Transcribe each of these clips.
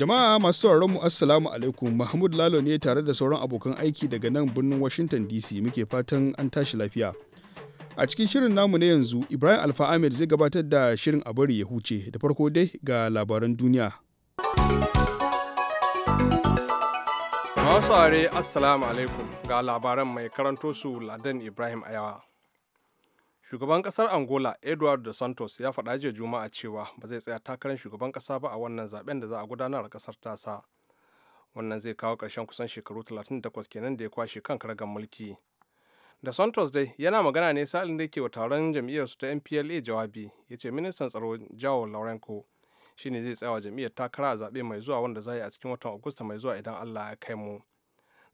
Jama'a masu sauraron mu Assalamu alaikum Mahmud Lalo ne tare da sauran abokan aiki daga nan birnin Washington DC muke fatan an tashi lafiya. A cikin shirin namu na yanzu Ibrahim Alfa Ahmed zai gabatar da shirin a bari ya huce da farko dai ga labaran duniya. Masu are Assalamu alaikum ga labaran mai karanto su Ladan Ibrahim Ayawa. shugaban kasar angola edward de santos ya faɗa jiya juma'a cewa ba zai tsaya takarar shugaban kasa ba a wannan zaben da za a gudanar a kasar tasa wannan zai kawo karshen kusan shekaru 38 kenan da ya kwashe kan karagar mulki da santos dai yana magana ne sa'ilin da yake wa taron jam'iyyarsu ta mpla jawabi ya ce ministan tsaro jawo laurenko shine zai tsaya wa jam'iyyar takara a zaɓe mai zuwa wanda za yi a cikin watan agusta mai zuwa idan allah ya kai mu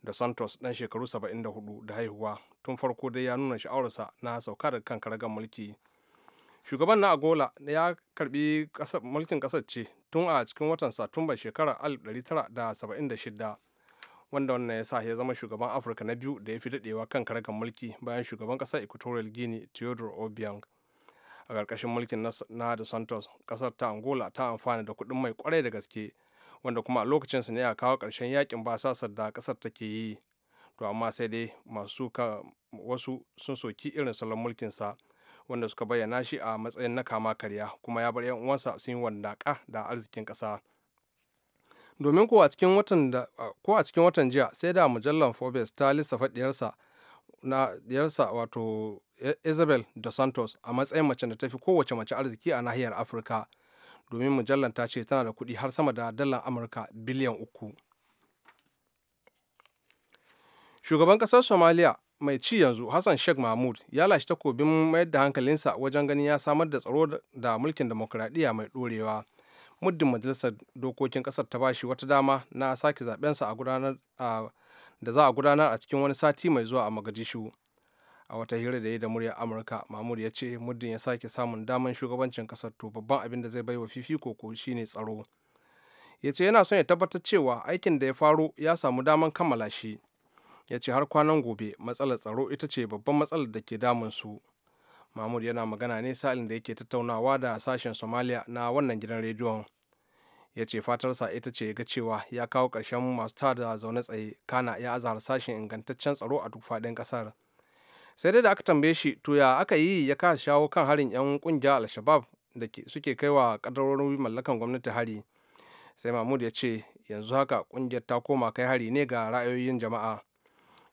da santos dan shekaru 74 da haihuwa tun farko dai ya nuna sha'awarsa na sauka daga kan karagar mulki shugaban na agola ya karbi mulkin kasar ce tun a cikin watan satumba shekarar 1976 wanda wannan ya sa ya zama shugaban afirka na biyu da ya fi dadewa kan karagar mulki bayan shugaban kasar equatorial guinea theodore obiang a ƙarƙashin mulkin na da santos ƙasar ta angola ta amfana da kuɗin mai kwarai da gaske wanda kuma a lokacin su ne a kawo ƙarshen yakin basasar da ƙasar take yi to amma sai dai masu ka wasu sun soki irin salon mulkin sa wanda suka bayyana shi a matsayin na kama karya kuma ya bar yan uwansa su yi wandaƙa da arzikin ƙasa domin ko a cikin watan ko a cikin watan jiya sai da mujallar Forbes ta lissafa diyarsa na diyarsa wato e-, Isabel dos Santos a matsayin mace da ta fi kowace mace arziki a nahiyar Afirka domin mujallar ta ce tana da kuɗi har sama da dalar amurka biliyan uku shugaban ƙasar somaliya mai ci yanzu hassan sheikh mahmud ya lashe takobin mayar da hankalinsa wajen gani ya samar da tsaro da mulkin demokuraɗiyya mai ɗorewa muddin majalisar dokokin ƙasar ta bashi wata dama na sake zaɓensa da za a gudanar a cikin wani sati mai zuwa a magadishu a wata hira da ya da murya amurka mahmud ya ce muddin ya sake samun daman shugabancin kasar to babban abin da zai bai wa fifiko ko shine tsaro ya ce yana son ya tabbatar cewa aikin da ya faru ya samu daman kammala shi ya ce har kwanan gobe matsalar tsaro ita ce babban matsalar da ke damun su mahmud yana magana ne sa'in da yake tattaunawa da sashen somalia na wannan gidan rediyon ya ce fatarsa ita ce ga cewa ya kawo ƙarshen masu tada zaune tsaye kana ya azahar sashen ingantaccen tsaro a duk faɗin ƙasar sai dai da aka tambaye shi to ya aka yi ya kasa shawo kan harin 'yan kungiyar al-shabab da suke kai wa kadarorin mallakan gwamnati hari sai mahmud ya ce yanzu haka kungiyar ta koma kai hari ne ga ra'ayoyin jama'a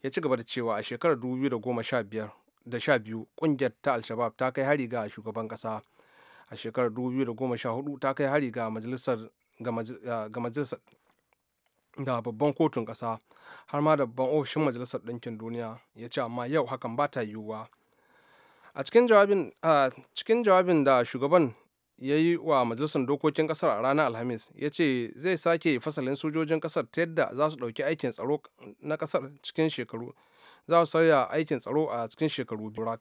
ya ci gaba da cewa a shekarar 2012 da biyu kungiyar ta al-shabab ta kai hari ga shugaban kasa a shekarar 2014 ta kai hari ga majalisar da babban kotun ƙasa har ma da babban ofishin majalisar ɗinkin duniya ya ce amma yau hakan ba ta yiwuwa a cikin jawabin da shugaban ya yi wa majalisar dokokin ƙasar a ranar alhamis ya ce zai sake fasalin sojojin ƙasar ta yadda za su ɗauki aikin tsaro na ƙasar cikin shekaru za su sauya aikin tsaro a cikin shekaru biyu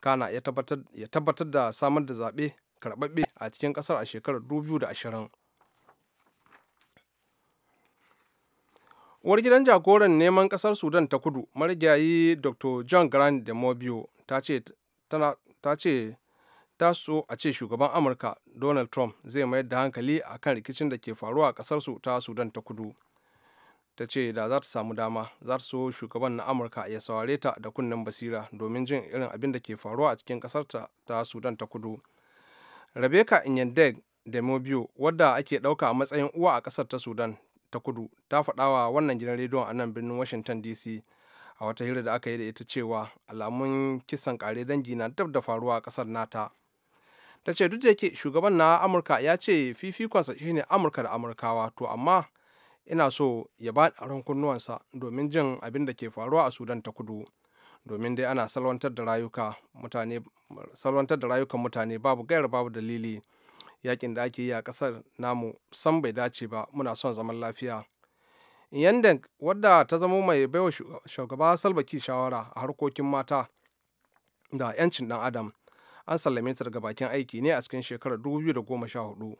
kana ya tabbatar da samar da zaɓe karɓaɓɓe a cikin ƙasar a shekarar 2020 uwar gidan jagoran neman kasar sudan ta kudu marigayi dr john grant da mobio ta ce ta so a ce shugaban amurka donald trump zai mayar da hankali a kan rikicin da ke faruwa a kasar su ta sudan ta kudu ta ce da za ta samu dama za ta so shugaban na amurka ya saurare ta da kunnen basira domin jin irin abin da ke faruwa a cikin kasar ta sudan ta kudu rebecca inyandeg da mobio wadda ake ɗauka a matsayin uwa a kasar ta sudan ta kudu ta faɗa wannan gidan rediyon a nan birnin washington dc a wata hira da aka yi da ita cewa alamun kisan kare dangi na dab da faruwa a ƙasar nata ta ce duk da yake shugaban na amurka ya ce fifikonsa shine amurka da amurkawa to amma ina so ya ba ran kunnuwansa domin jin abin da ke faruwa a sudan ta kudu domin dai ana salwantar da rayuka mutane salwantar da rayukan mutane babu gayar babu dalili yakin da ake yi a kasar namu san bai dace ba muna son zaman lafiya yanda wadda ta zama mai baiwa shugaba salbaki shawara a harkokin mata da 'yancin dan adam an sallame ta daga bakin aiki ne a cikin shekarar 2014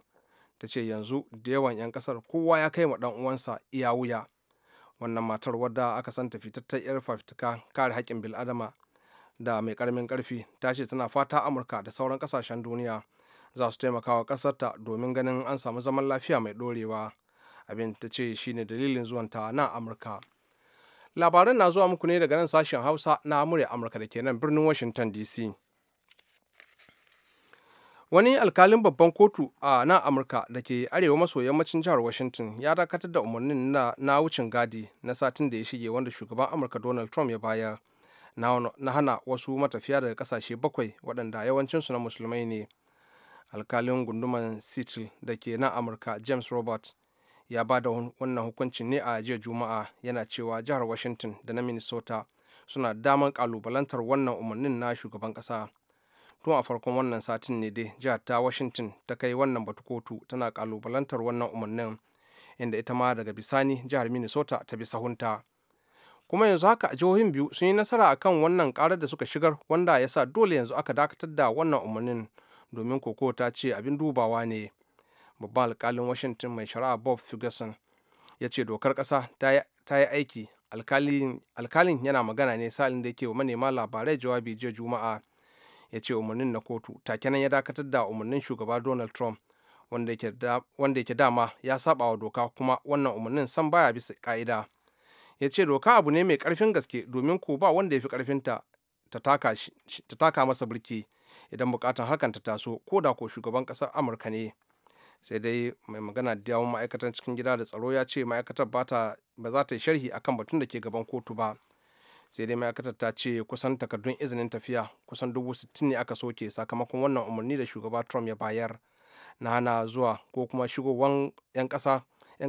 ta ce yanzu da yawan 'yan kasar kowa ya kai ma dan uwansa iya wuya wannan matar wadda aka san tafi fitattar 'yar fafitika kare haƙƙin bil'adama da mai ƙaramin ƙarfi ta ce tana fata amurka da sauran ƙasashen duniya za su taimaka wa ƙasarta domin ganin an samu zaman lafiya mai ɗorewa abin ta ce shine dalilin zuwanta na amurka labaran na zuwa muku ne daga nan sashen hausa na murya amurka da ke nan birnin washington dc wani alkalin babban kotu a nan amurka da ke arewa maso yammacin jihar washington ya dakatar da umarnin na, wucin gadi na satin da ya shige wanda shugaban amurka donald trump ya bayar na, hana wasu matafiya daga kasashe bakwai waɗanda yawancinsu na musulmai ne alkalin gunduman seattle da ke na amurka james robert ya ba da wannan hukuncin ne a jiya juma'a yana cewa jihar washington da na minnesota suna damar kalubalantar wannan umarnin na shugaban kasa tun a farkon wannan satin ne dai jihar ta washington ta kai wannan batu kotu tana kalubalantar wannan umarnin inda ita ma daga bisani jihar minnesota ta bi sahunta kuma yanzu haka a jihohin biyu sun yi nasara akan wannan karar da suka shigar wanda ya sa dole yanzu aka dakatar da wannan umarnin domin koko ta ce abin dubawa ne babban alkalin washington mai shari'a bob ferguson ya ce dokar kasa ta yi aiki alkalin yana magana ne salin da yake wa manema labarai jawabi jiya juma'a ya ce umarnin na kotu takenan ya dakatar da umarnin shugaba donald trump wanda yake dama ya saba wa doka kuma wannan umarnin san baya bisa ka'ida ya ce doka abu ne mai karfin gaske domin ko ba wanda ya fi karfinta ta taka masa birki idan bukatar hakan ta taso ko da ko shugaban ƙasar amurka ne sai dai mai magana da yawon ma'aikatan cikin gida da tsaro ya ce ma'aikatar ba za ta yi sharhi a kan batun da ke gaban kotu ba sai dai ma'aikatar ta ce kusan takardun izinin tafiya kusan dubu sittin ne aka soke sakamakon wannan umarni da shugaba trump ya bayar na hana zuwa ko kuma shigowan 'yan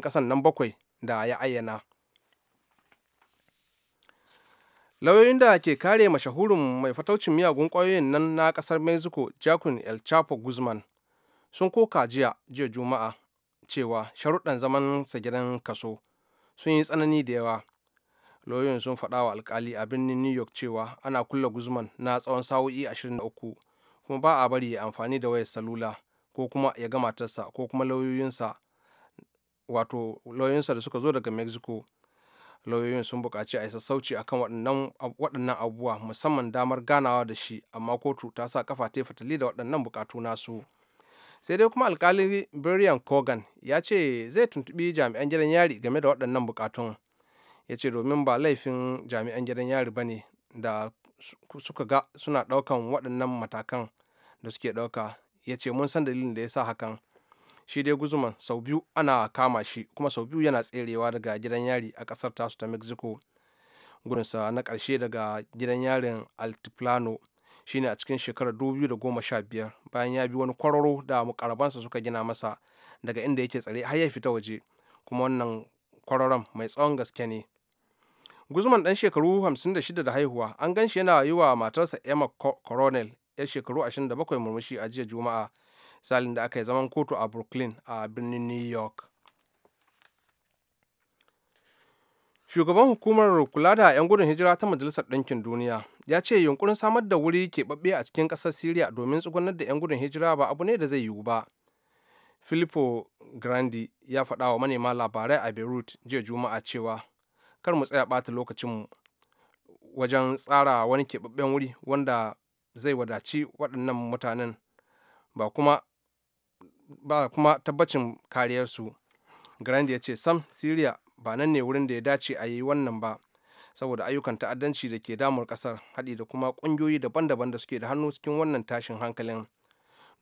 ƙasan nan bakwai da ya ayyana lauyoyin da ke kare mashahurin mai fataucin miyagun ƙwayoyin nan na ƙasar mexico jakun el chapo guzman sun koka jiya jiya juma'a cewa sharuɗan zaman sa gidan kaso sun yi tsanani da yawa lauyoyin sun faɗa wa alkali a birnin new york cewa ana kulle guzman na tsawon sa'o'i 23 kuma ba a bari ya amfani da wayar salula ko kuma ya ga matarsa ko kuma lauyoyinsa wato lauyoyinsa da suka zo daga mexico lauyoyin sun buƙaci a yi sassauci akan waɗannan abubuwa musamman damar ganawa da shi amma kotu ta sa kafa ta fatali da waɗannan buƙatu nasu sai dai kuma alƙalin brian cogan ya ce zai tuntubi jami'an gidan yari game da waɗannan buƙatun ya ce domin ba laifin jami'an gidan yari ba ne da suka ga suna ɗaukan waɗannan matakan da suke ɗauka ya ce mun san dalilin da ya sa hakan shi dai guzman sau biyu ana kama shi kuma sau biyu yana tserewa daga gidan yari a kasar tasu ta mexico gudunsa na karshe daga gidan yarin altiplano shine a cikin shekarar 2015 bayan ya bi wani kwararo da mukarabansa suka gina masa daga inda yake tsare har ya fita waje kuma wannan kwararon mai tsawon gaske ne guzman dan shekaru 56 da haihuwa an gan shi yana yi wa matarsa emma coronel yar shekaru 27 murmushi a jiya juma'a salin da aka yi zaman kotu a brooklyn a birnin new york shugaban hukumar kula da 'yan gudun hijira ta majalisar ɗinkin duniya ya ce yunkurin samar da wuri keɓaɓɓe a cikin ƙasar syria domin tsugunar da 'yan gudun hijira ba abu ne da zai yiwu ba filippo grandi ya faɗa wa manema labarai a beirut jiya juma'a cewa kar mu tsaya ɓata lokacinmu wajen tsara wani keɓaɓɓen wuri wanda zai wadaci waɗannan mutanen ba kuma ba kuma tabbacin kariyarsu grand ya ce sam syria ba nan ne wurin da ya dace a yi wannan ba saboda ayyukan ta'addanci da ke damar kasar haɗi da kuma ƙungiyoyi daban-daban da suke da hannu cikin wannan tashin hankalin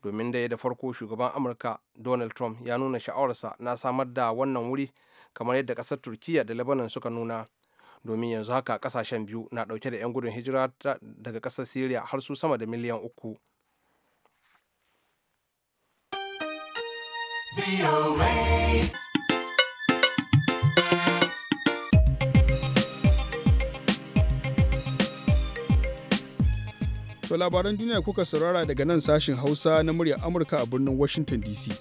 domin da da farko shugaban amurka donald trump ya nuna sha'awarsa na samar da wannan wuri kamar yadda ƙasar turkiya da lebanon suka nuna domin yanzu haka ƙasashen biyu na ɗauke da 'yan gudun hijira daga ƙasar syria har su sama da miliyan uku To labaran duniya kuka saurara daga nan sashin Hausa na muryar Amurka a birnin Washington DC.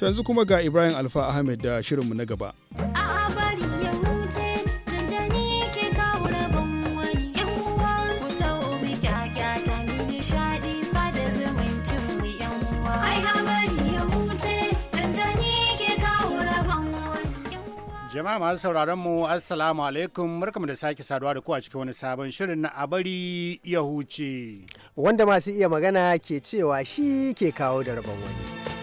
To yanzu kuma ga Ibrahim Alfa Ahmed da shirinmu na gaba. Jama'a masu sauraron mu Assalamu alaikum barkamu da sake saduwa da ku a cikin wani sabon shirin na abari ya huce. Wanda masu iya magana ke cewa shi ke kawo da rabon wani.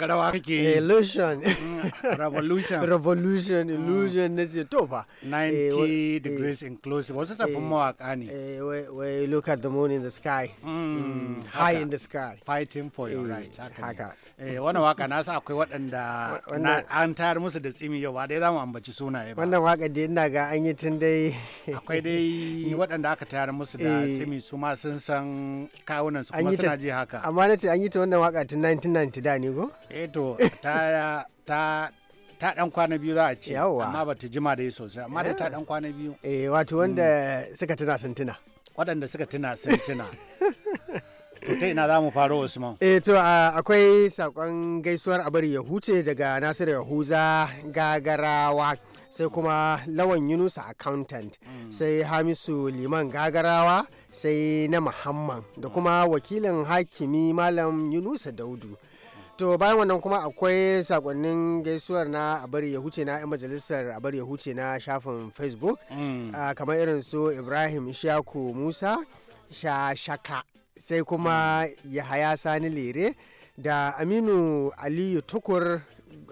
taka rawa kake yi illusion mm, revolution revolution mm. illusion na ce to fa 90 degrees eh, inclusive wasu sabbin mawaka ne we look at the moon in the sky mm, high in the sky fighting for your eh, right haka eh, wannan waka na sa akwai waɗanda an tayar musu da tsimi yau ba dai za mu ambaci suna ba wannan waka da ina ga an yi tun dai akwai dai waɗanda aka tayar musu da tsimi su ma sun san kawunan su kuma suna ji haka amma na ce an yi ta wannan waka tun 1990 da ne go eto eh ta ta ta dan kwana biyu za a ce amma ba ta jima da yi sosai amma da ta dan eh. kwana biyu eh wato wanda hmm. suka tuna sun tuna waɗanda suka tuna sun tuna ta ina za mu faro Usman. Eh to akwai sakon gaisuwar abari ya huce daga Nasiru Yahuza gagarawa sai kuma lawan Yunusa accountant hmm. sai Hamisu Liman gagarawa sai na Muhammad da hmm. kuma wakilin hakimi Malam Yunusa Daudu. to bayan wannan kuma akwai sakonnin gaisuwar na bari ya huce na 'yan majalisar bari ya huce na shafin facebook mm. ah, kamar irin su ibrahim ishaku musa shashaka sai kuma yahaya sani lere da aminu aliyu tukur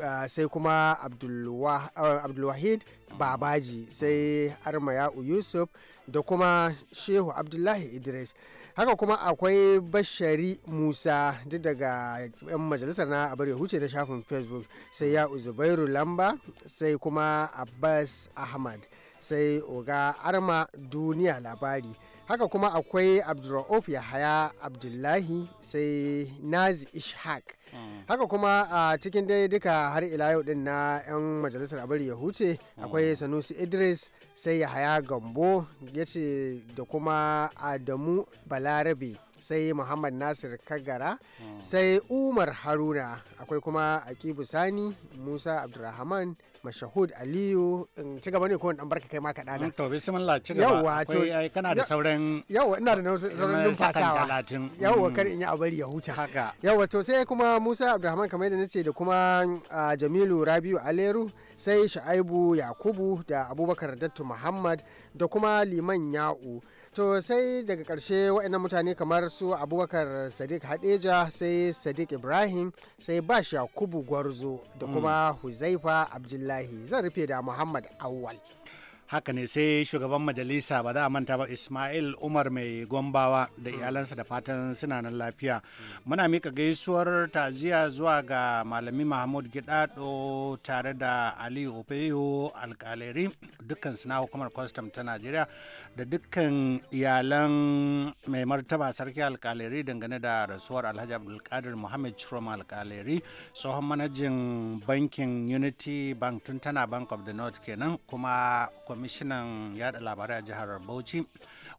ah, sai kuma ah, abdulwahid babaji sai armayau yusuf da kuma shehu abdullahi idris haka kuma akwai bashari musa duk daga 'yan majalisar na abar huce da shafin facebook sai ya zubairu lamba sai kuma abbas ahmad sai oga arma duniya labari haka kuma akwai abdulrauf haya abdullahi sai nazi ishaq hmm. haka kuma a cikin dai duka har ila yau din na 'yan majalisar abar ya huce hmm. akwai sanusi idris sai ya haya gambo ya ce da kuma adamu balarabe sai muhammad nasir kagara hmm. sai umar haruna akwai kuma akibu sani musa abdulrahman mashahud aliyu in ci gaba ne ko dan barka kai ma ka dana to bismillah ci gaba yawa to kana da sauran yawa ina da sauran numfasawa yawa mm. kar in yi a bari ya huta haka yawa to sai kuma musa abdulrahman kamar yadda nace da kuma jamilu rabiu aleru sai sha'aibu yakubu da abubakar dattu muhammad da kuma liman ya'u to sai daga karshe waɗannan mutane kamar su abubakar sadiq hadeja sai sadiq ibrahim sai ba yakubu gwarzo da mm. kuma huzaifa abdullahi zan rufe da muhammad awwal haka ne sai shugaban majalisa ba za a manta ba ismail umar mai gombawa da mm. iyalansa da fatan suna nan lafiya muna mika gaisuwar taziya zuwa ga malami mahmud gidado tare da aliyu opeyo alkaleri dukkan suna hukumar kwastam ta najeriya da dukkan iyalan mai martaba sarki alkaleri dangane da rasuwar alhaji abdulkadir muhammad chiroma alkaleri tsohon manajin bankin unity bank tun tana bank of the north kenan kuma kwamishinan yada labarai a jihar bauchi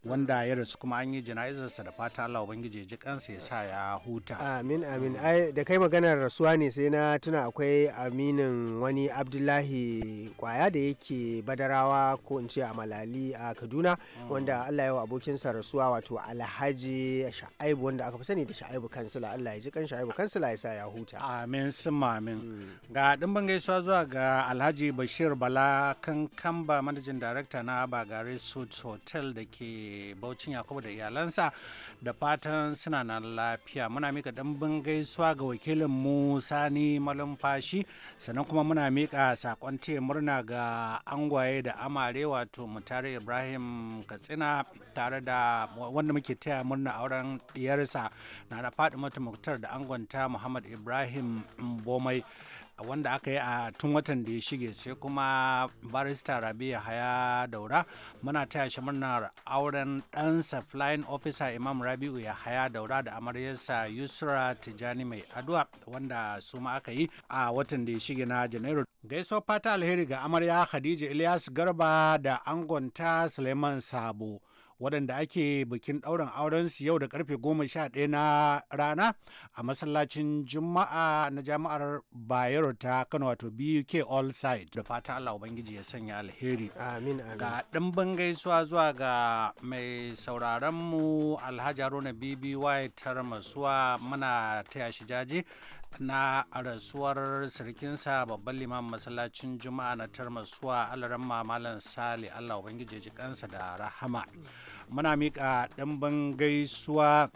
wanda ya rasu kuma an yi jana'izarsa da fata Allah ubangiji ji kansa ya sa ya huta amin amin da kai maganar rasuwa ne sai na tuna akwai aminin wani Abdullahi kwaya da yake badarawa ko in ce a Malali a Kaduna wanda Allah ya wa abokinsa rasuwa wato Alhaji Sha'aibu wanda aka fi sani da Sha'aibu kansila Allah ya ji kan Sha'aibu kansila ya sa ya huta amin sun amin hmm. ga dimbin gaisuwa zuwa ga Alhaji Bashir Bala Kankamba manajan darakta na Bagare Suits Hotel da ke Baucin Yakubu da iyalansa da fatan suna nan lafiya. Muna mika dambin gaisuwa ga wakilin mu Sani Malumfashi sannan kuma muna mika sakon taya murna ga angwaye da amare wato Mutare Ibrahim Katsina tare da wanda muke taya murna auren diyarsa na da mata Muktar da angonta Muhammad Ibrahim Bomai. wanda aka yi a tun watan da ya shige sai kuma barista rabia haya daura muna taya shi murnar auren ɗansa flying officer imam rabi'u ya haya daura da amaryarsa yusra tijani mai addu'a wanda su ma aka yi a watan da ya shige na janairu gaiso fata alheri ga amarya khadija ilyas garba da angonta suleiman sabo waɗanda ake bikin ɗaurin aurensu yau da karfe goma sha ɗaya na rana a masallacin juma'a na jama'ar bayero ta kano wato buk all side da fata allah ubangiji ya sanya alheri ga ɗimbin gaisuwa zuwa ga mai sauraron mu alhaji haruna bby tarmasuwa muna taya shi jaji na rasuwar sarkinsa babban liman masallacin juma'a na tarmasuwa alaran malam sali allah ubangiji ji kansa da rahama muna miƙa ɗimbin gaisuwa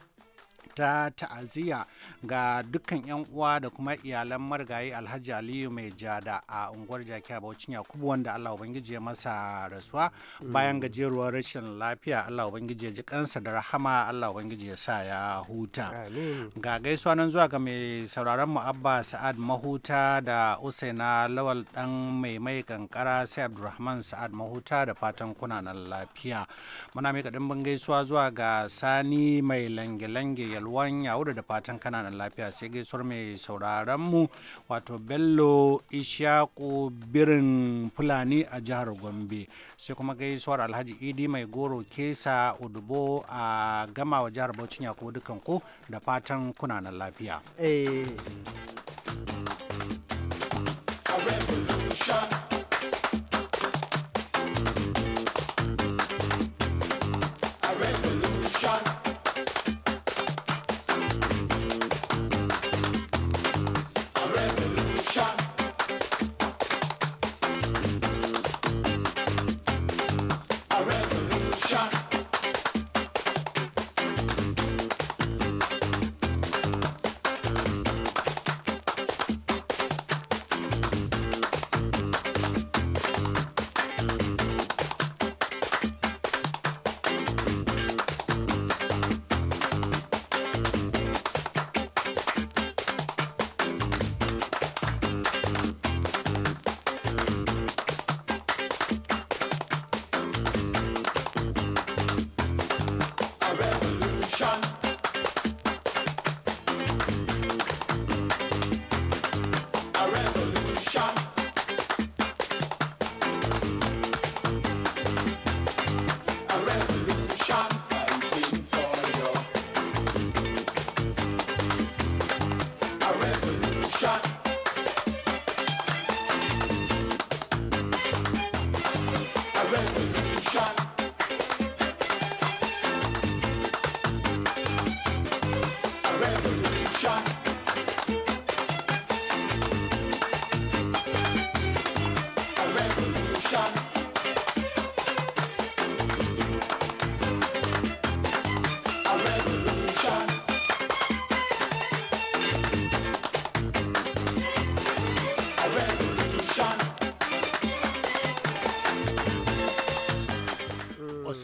ta ta'aziyya ga dukkan 'yan uwa da kuma iyalan marigayi alhaji aliyu mai jada a unguwar jaki a yakubu wanda allah ubangiji ya masa rasuwa bayan mm. gajeruwar rashin lafiya allah ubangiji ya ji kansa da rahama allah ubangiji ya sa ya huta ga gaisuwa nan zuwa ga mai sauraron mu abba sa'ad mahuta da usaina lawal dan mai mai kankara sai abdulrahman sa'ad mahuta da fatan kuna nan lafiya muna mai ban gaisuwa zuwa ga sani mai lange-lange yalwan yawuri da fatan kananan lafiya sai gaisuwar mai sauraron mu wato bello ishaku birin fulani a jihar gombe sai kuma gaisuwar alhaji idi mai goro kesa udubo a gama wa jihar bauchin yakubu dukan ku da fatan kunanan lafiya. Eh. A revolution.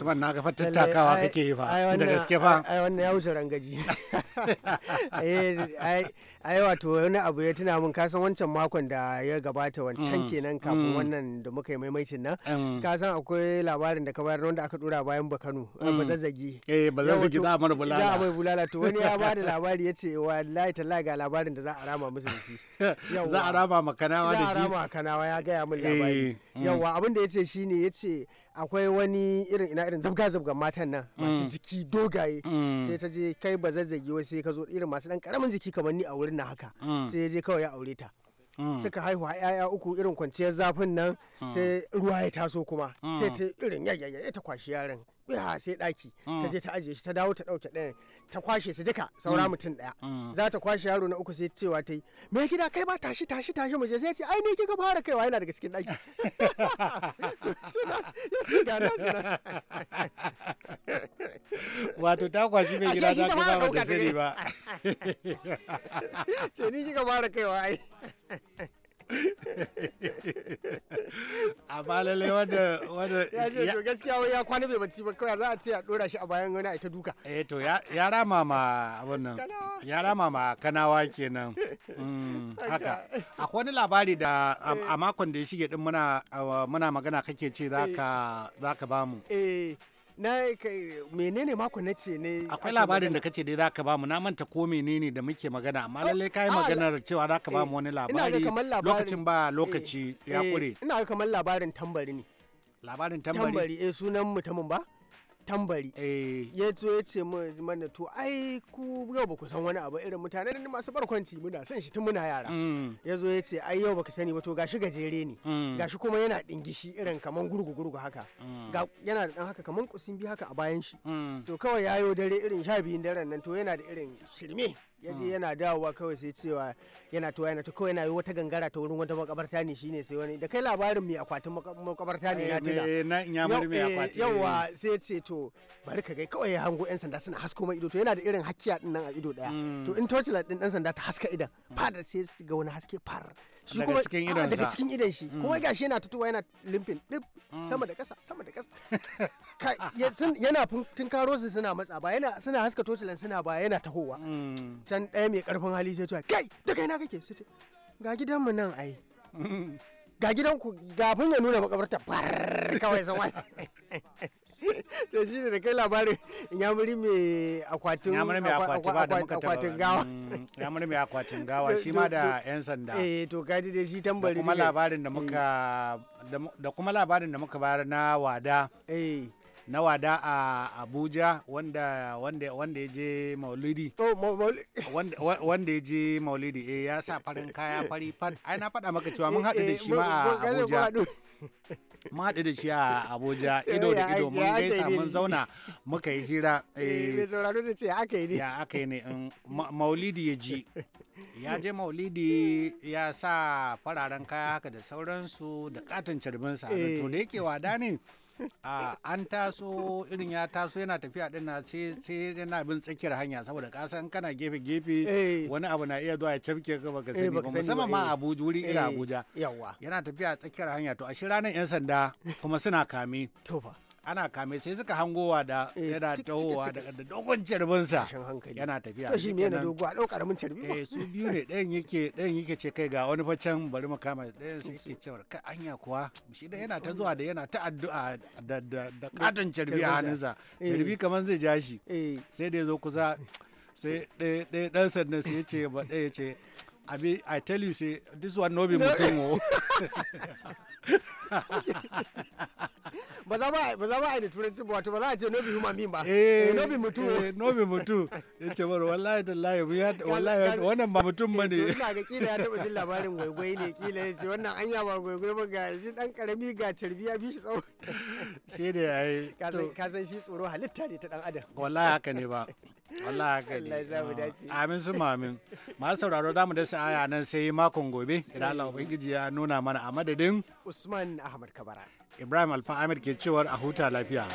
usman na ga tattakawa kake yi ba da gaske fa ai wannan ya wuce rangaji eh, ai wato wani abu ya tuna mun kasan wancan makon da ya gabata wancan mm, kenan mm. kafin wannan da muka yi maimaicin nan mm. kasan akwai labarin da ka bayar wanda aka dora bayan bakano eh, bazazzagi eh bazazzagi za a mana bulala za a mai bulala to wani ya bada labari ya ce wallahi tallahi ga labarin da za a rama musu da shi za a rama makanawa da shi za a rama makanawa ya gaya min eh, labari yawa abin da ya ce shine ya ce akwai wani irin ina irin zabga zabgan matan nan mm. masu jiki dogaye mm. sai ta je kai ba zazzage wai sai ka zo irin masu dan karamin jiki kamar ni a wurin na haka mm. sai ya je kawai ya aure ta suka haihu a yaya uku irin kwanciyar zafin nan sai ruwa ya taso kuma sai ta irin ta kwashi yaron biha sai daki ta mm. je ta ajiye shi ta dawo ta dauke ɗaya ta kwashe su duka saura mm. mutum ɗaya. Mm. za ta kwashe yaro na uku sai cewa ta yi me gida kai ba tashi tashi tashi mu je sai ce ai ni kika fara kaiwa yana daga cikin daki wato ta kwashi mai gida ta kuma ta sani ba ce ni kika fara kaiwa ai a malale wanda wanda ya ce to gaskiya wai ya kwana bai bacci ba kawai za a ce a dora shi a bayan wani a ita duka eh to ya rama ma abun nan ya rama ma kanawa kenan mm, haka akwai wani labari da eh. a makon da ya shige din muna muna magana kake ce za eh. ka bamu eh na menene mako na ce ne akwai labarin da kace dai zaka ba mu na manta ko menene da muke magana amma lalle kai ah, ah, maganar cewa zaka eh, ba mu wani labari lokacin ba eh, lokaci ya kure eh, ina kamar labarin tambari ne labarin tambari tambari eh sunan mutumin ba tambari eh. ya zo ya ce mana to ai ku yau ba ku san wani abu irin mutane mutanen masu barkwanci muna san shi tun muna yara mm. ya zo ya ce ai yau ba ka sani ba to gashi gajere ne mm. gashi kuma yana dingishi irin kaman gurgu gurgu haka mm. yana da dan haka kaman kusin bi haka a bayan shi to kawai yayo dare irin sha biyun daren nan to yana da irin shirme ya je hmm. yana dawowa kawai sai cewa yana to yana to kawai yana yi wata gangara ta wurin wata makabarta ne shine sai wani da kai labarin mai akwatin makabarta ne eh, ya tuna eh, yawa eh, sai ce to bari ka gai kawai ya hango yan sanda suna hasko mai ido to yana da irin hakkiya din nan a ido daya hmm. to in torchlight din dan sanda ta haska idan hmm. fadar sai ga wani haske far shi kuma daga cikin ah, idon sa daga cikin idon shi kuma mm. gashi yana tutuwa yana limfin dip mm. sama da kasa sama da kasa yana tun karo su suna matsa ba yana suna haska tocilan suna ba yana tahowa mm. can ɗaya mai karfin hali sai cewa kai da kai na kake sai ga gidan mu nan ai ga gidan gidanku gafin ya nuna makabarta bar kawai sun wasu to shi da kai labarin inyamuri mai akwatin mm, mai akwatin gawa da muka mai akwatin gawa shi ma da yan sanda eh to kaji dai shi tambari da kuma labarin da eh. muka da kuma labarin da muka bayar na wada eh na wada a abuja wanda wanda wanda je maulidi wanda je maulidi eh ya sa farin kaya fari fari ai na faɗa maka cewa mun haɗu da eh, shi eh, ma a abuja haɗu da shi a Abuja ido da ido mun gaisa mun zauna muka yi hira. Eh, eh, ya aka ne maulidi ya ji. Ya je maulidi ya sa fararen kaya haka da sauransu da katon carbinsa. To da yake wada ne. an taso irin ya taso yana tafiya din na sai sai yana bin tsakiyar hanya saboda kasan kana gefe gefe eh. wani abu na iya zuwa ya cafke ka baka eh, sani ba musamman ma eh. Abuja wuri irin Abuja yana tafiya tsakiyar hanya to a shi ranar yan sanda kuma suna kame to fa ana kame sai suka hangowa da eh, yana tawowa da dogon carbinsa yana tafiya to shi me yana dogo a daukar mun carbi eh su biyu ne ɗayan yake ɗayan yake ce kai ga wani facen bari mu kama ɗayan sai yake cewa kai anya kuwa shi da yana ta zuwa da yana ta addu'a da da katon carbi a hannunsa eh. carbi kaman zai ja shi eh. sai da zo kusa sai ɗaya ɗan sannan sai ya ce ba ɗaya ce abi i tell you say this one no be mutum o ba za ba ba za ba da turanci ba wato ba za a ce no bi human being ba eh, eh no bi mutu eh, no bi mutu yace bar wallahi tallahi ya wallahi wannan ba mutum bane eh, ina ga kila ya taba jin labarin gwaigwai ne kila yace wannan anya ba gwaigwai ba ga shi dan karami ga cirbiya bi shi tsawo shi da yayi ka san shi tsoro halitta ne ta dan adam wallahi haka ne ba Allah ka ne. Allah ah, dace. Amin su amin. Masu sauraro za mu da sa'aya nan sai makon gobe idan Allah Ubangiji ya nuna mana a madadin Usman Ahmad Kabara. Ibrahim Alfa Ahmed ke cewar a huta lafiya.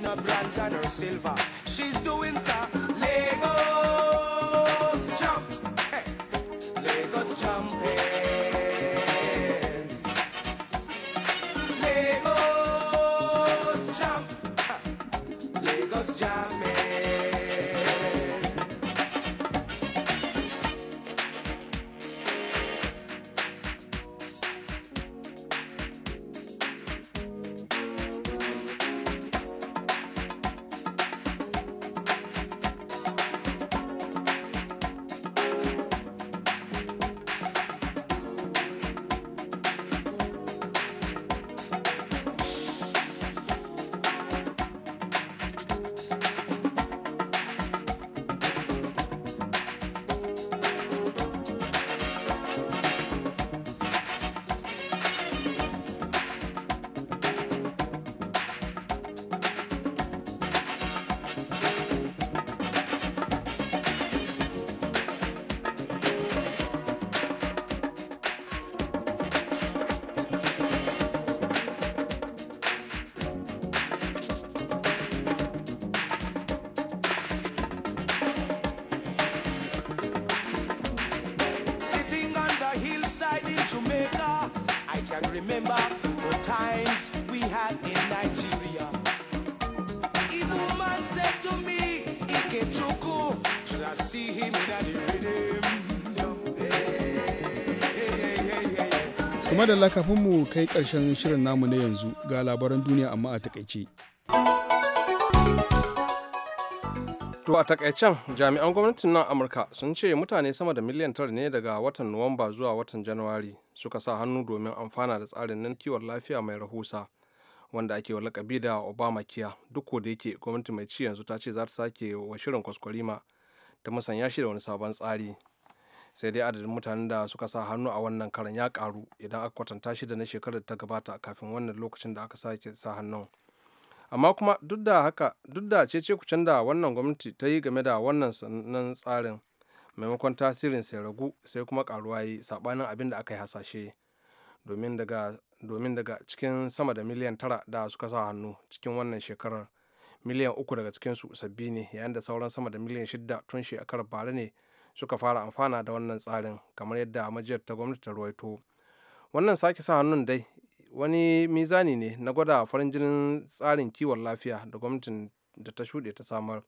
making her bronze and her silver. She's doing the Lego. madalla kafin mu kai karshen shirin namu na yanzu ga labaran duniya amma a takaice. To a takaicen jami'an gwamnatin nan Amurka sun ce mutane sama da miliyan tara ne daga watan Nuwamba zuwa watan januwari suka sa hannu domin amfana da tsarin nan kiwon lafiya mai rahusa wanda ake wa lakabi da obama kiya duk da yake gwamnati mai ci yanzu ta ce za ta sake wa shirin kwaskwarima ta musanya shi da wani sabon tsari. sai dai adadin mutanen da suka sa hannu a wannan karan ya karu idan aka kwatanta shi da na shekarar ta gabata kafin wannan lokacin da aka sake sa hannun amma kuma duk da haka duk da cece kucin da wannan gwamnati ta yi game da wannan sannan tsarin maimakon tasirin sai ragu sai kuma karuwa yi sabanin abin da aka yi hasashe domin daga domin daga cikin sama da miliyan tara da suka sa hannu cikin wannan shekarar miliyan uku daga cikinsu sabbi ne yayin da sauran sama da miliyan shida tun shekarar bara ne suka fara amfana da wannan tsarin kamar yadda majiyar ta gwamnati ta ruwaito wannan sake sa hannun dai wani mizani ne na gwada farin jinin tsarin kiwon lafiya da gwamnatin da ta shuɗe ta samar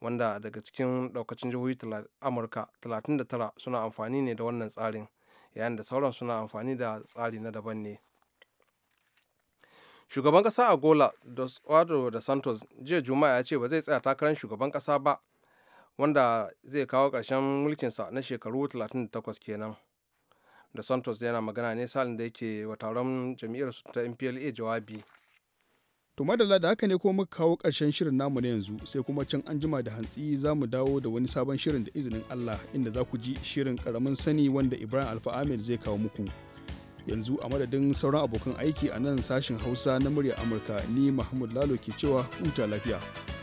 wanda daga cikin ɗaukacin jihohi amurka 39 suna amfani ne da wannan tsarin yayin da sauran suna amfani da tsari na daban ne shugaban ƙasa agola dos da santos jiya juma'a ya ce ba zai tsaya takarar shugaban ƙasa ba wanda zai kawo ƙarshen mulkinsa na shekaru 38 kenan da santos yana magana ne salin da yake wa taron jam'iyyar su ta mpla jawabi to madalla da haka ne kuma muka kawo ƙarshen shirin namu na yanzu sai kuma can an jima da hantsi za mu dawo da wani sabon shirin da izinin allah inda za ku ji shirin ƙaramin sani wanda ibrahim alfa ahmed zai kawo muku yanzu a madadin sauran abokan aiki a nan sashin hausa na murya amurka ni mahmud lalo ke cewa huta lafiya